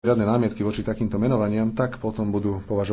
žiadne námietky voči takýmto menovaniam, tak potom budú považovať